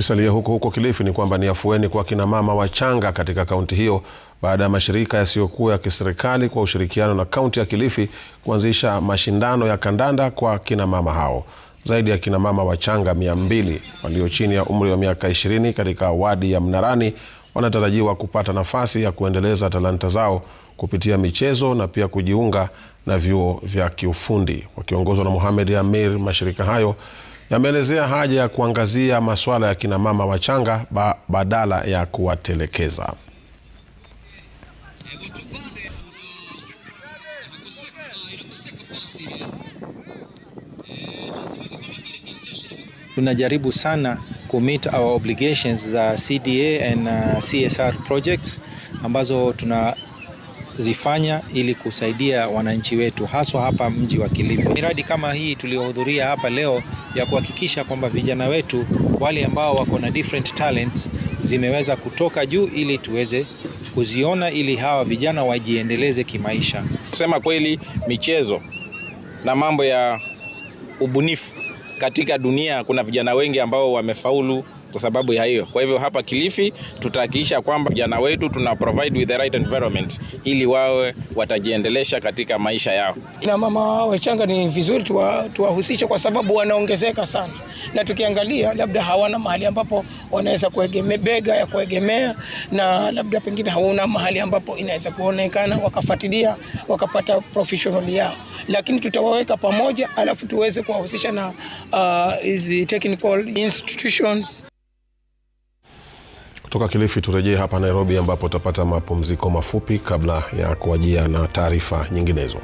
Tukisalia huko huko Kilifi ni kwamba ni afueni kwa kina mama wachanga katika kaunti hiyo baada ya mashirika yasiyokuwa ya kiserikali kwa ushirikiano na kaunti ya Kilifi kuanzisha mashindano ya kandanda kwa kina mama hao. Zaidi ya kina mama wachanga mia mbili walio chini ya umri wa miaka ishirini katika wadi ya Mnarani wanatarajiwa kupata nafasi ya kuendeleza talanta zao kupitia michezo na pia kujiunga na vyuo vya kiufundi. Wakiongozwa na Mohamed Amir, mashirika hayo yameelezea haja ya kuangazia masuala ya kina mama wachanga ba, badala ya kuwatelekeza. Tunajaribu sana kumit our obligations za CDA and uh, CSR projects ambazo tuna zifanya ili kusaidia wananchi wetu haswa hapa mji wa Kilifi. Miradi kama hii tuliyohudhuria hapa leo ya kuhakikisha kwamba vijana wetu wale ambao wako na different talents zimeweza kutoka juu ili tuweze kuziona ili hawa vijana wajiendeleze kimaisha. Kusema kweli, michezo na mambo ya ubunifu katika dunia, kuna vijana wengi ambao wamefaulu kwa sababu ya hiyo. Kwa hivyo hapa Kilifi tutahakikisha kwamba vijana wetu tuna provide with the right environment ili wawe watajiendelesha katika maisha yao. Na mama wachanga ni vizuri tuwahusishe, tuwa kwa sababu wanaongezeka sana, na tukiangalia labda hawana mahali ambapo wanaweza kuegemea bega ya kuegemea, na labda pengine hawana mahali ambapo inaweza kuonekana wakafuatilia wakapata professional yao, lakini tutawaweka pamoja, alafu tuweze kuwahusisha na uh, hizi uh, technical institutions. Kutoka Kilifi turejee hapa Nairobi, ambapo utapata mapumziko mafupi kabla ya kuajia na taarifa nyinginezo.